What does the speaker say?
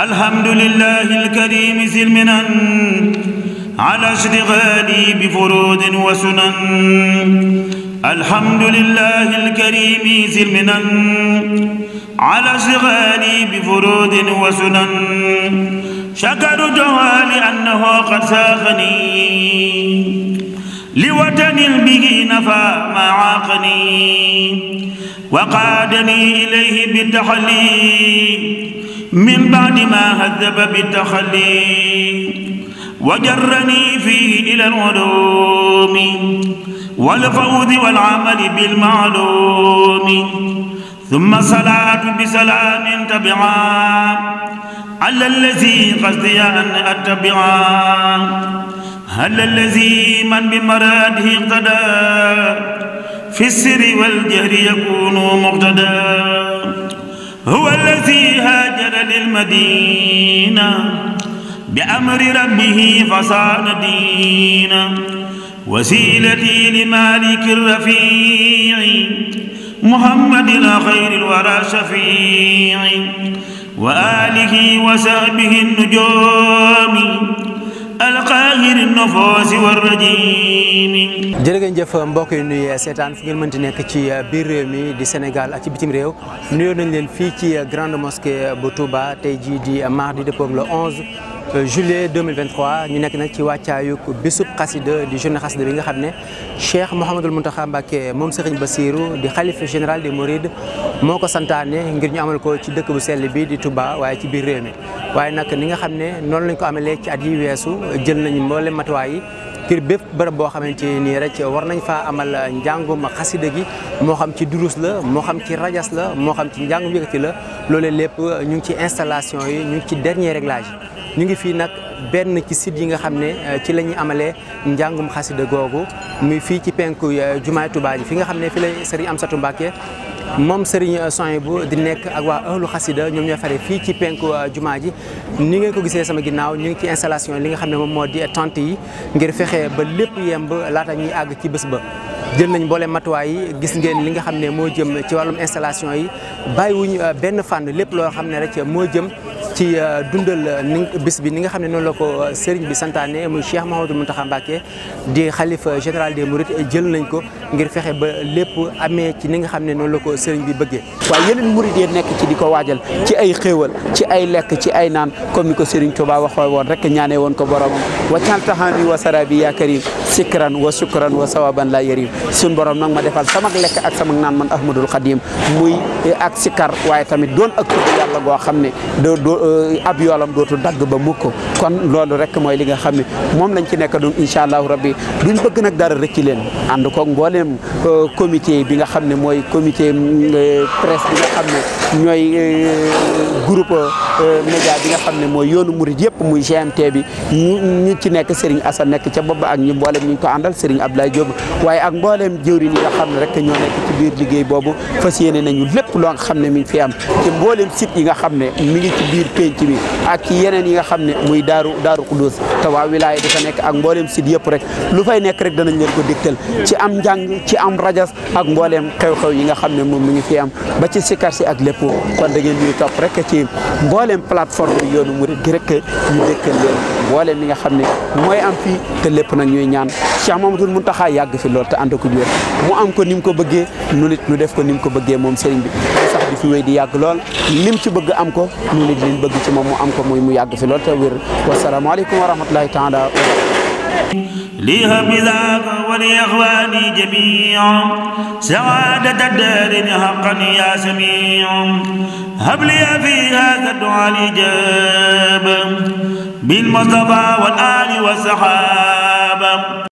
الحمد لله الكريم ذي المنن على اشتغالي بفروض وسنن الحمد لله الكريم ذي المنن على اشتغالي بفروض وسنن شكر جوالي أنه قد ساقني لوطن به نفى ما عاقني وقادني إليه بالتحلي من بعد ما هذب بالتخلي وجرني فيه إلى العلوم والفوز والعمل بالمعلوم ثم صلاة بسلام تبعا على الذي قصدي أن أتبعا هل الذي من بمراده اقتدى في السر والجهر يكون مقتدى هو الذي هاد للمدينة بأمر ربه فصان دينا وسيلتي لمالك الرفيع محمد الخير الورى شفيع وآله وسهبه النجوم alqaahiri nnufuusi warrajiim jërë ngeen jëf mbokk yi nuy seetaan fu ngeen mënti nekk ci biir réew mi di Sénégal ak ci bitim réew nuyoon nañ leen fii ci grande mosquée bu Touba tey jii di mardi dëppoog le 11 Euh, juillet 2023 ñu nekk nag ci wàccaayu bisub xasida di journée xasida bi nga xam ne Cheikh Mouhamadul Mountakha Mbacké moom ba Bassirou di xalifa général des Mourides moo ko santaane ngir ñu amal ko ci dëkk bu sell bi di Touba waaye ci biir réew mi waaye nag ni nga xam ne noonu lañ ko amalee ci at yi weesu jël nañu mboole matuwaay yi ngir bépp bërëb boo xamante nii rek war nañ faa amal njàngum xasida gi moo xam ci durus la moo xam ci rajas la moo xam ci njàngum yëkkati la loolee lépp ñu ngi ci installation yi ñu ngi ci dernier réglage ñu ngi fii nag benn ci site yi nga xam ne euh, ci la ñuy amalee njàngum xasida googu muy fii ci penku euh, jumaay Tuubaa ji fi nga xam ne fi lay sëriñ Amsatu Mbàkke moom Serigne Sohaibou di nekk ak waa ahlu xasida ñoom ñoo fare fii ci penku euh, jumaa ji ni ngeen ko gisee sama ginnaaw ñu ngi ci installation li nga xam ne moom moo di tente yi ngir fexe ba lépp yemb laata ñuy àgg ci bés ba jël nañ boole matuwaay yi gis ngeen li nga xam ne moo jëm ci wàllum installation yi bàyyiwuñ benn fànn lépp loo xam ne rek moo jëm ci euh, dundal euh, ni bis bi ni nga xam ne noonu la ko euh, sëriñ bi santaane muy Cheikh Mouhamadou Mountakha Mbacké di xalifa général des Mourides jël nañ ko ngir fexe ba lépp amee ci ni nga xam ne noonu la ko sëriñ bi bëggee waaye yeneen murid yi nekk ci di ko waajal ci ay xéewal ci ay lekk ci ay naan comme ni ko sëriñ Tuubaa waxoo woon rek ñaanee woon ko boromam wacantaxami wa sarabi yaa karim sikran wa sukran wa sawaban la yarim suñ borom nag ma defal sama lekk ak sama naan man ahmadul xadim muy eh, ak sikar waaye tamit doon ak tudd yàlla goo xam ne do do eh, ab yolam dootu dagg ba mukk kon loolu rek mooy li nga xam ne moom lañ ci nekk incha allahu rabbi duñ bëgg nag leen mbooleem euh, comité bi nga xam ne mooy comité euh, presse bi nga xam ne ñooy euh, groupe média bi nga xam ne mooy yoonu murid yëpp muy GMT bi ñu ñu ci nekk Serigne Assane nekk ca bopp ak ñu mbooleem ñu ko àndal ab Abdoulaye Diop waaye ak mbooleem jëwriñ yi nga xam ne ñoo nekk liggéey boobu fas yéene nañu lépp loo xam ne mi fi am mbooleem site yi nga xam ne mi ngi ci bi ak ci yeneen yi nga xam ne muy daaru daaru Xudóos te waa wilaaya dafa nekk ak mbooleem site yëpp rek lu fay nekk rek danañ leen ko dégtal ci am njàng gi ci am rajas ak mbooleem xew-xew yi nga xam ne moom mi ngi fi am ba ci sikar si ak lépp kon da ngeen ñuy topp rek ci mbooleem plateforme yoonu murit gi rek ñu dëkkal leen mbooleem li nga xam ne mooy am te lépp nag ñuy ñaan Cheikh Mamadou Mountakha yàgg fi lool ànd ko wér mu am ko ni mu ko bëggee nu nit ñu def ko ni mu ko bëggee moom sëriñ bi sax di fi wéy di yàgg lool lim ci bëgg am ko nu nit liñ bëgg ci moom mu am ko muy mu yàgg fi lool te wér wasalaamaaleykum wa rahmatulahi taala لي بذاك ولإخواني جميعا سعادة الدار حقا يا سميع هب لي في هذا الدعاء الإجابة بالمصطفى والآل والصحابة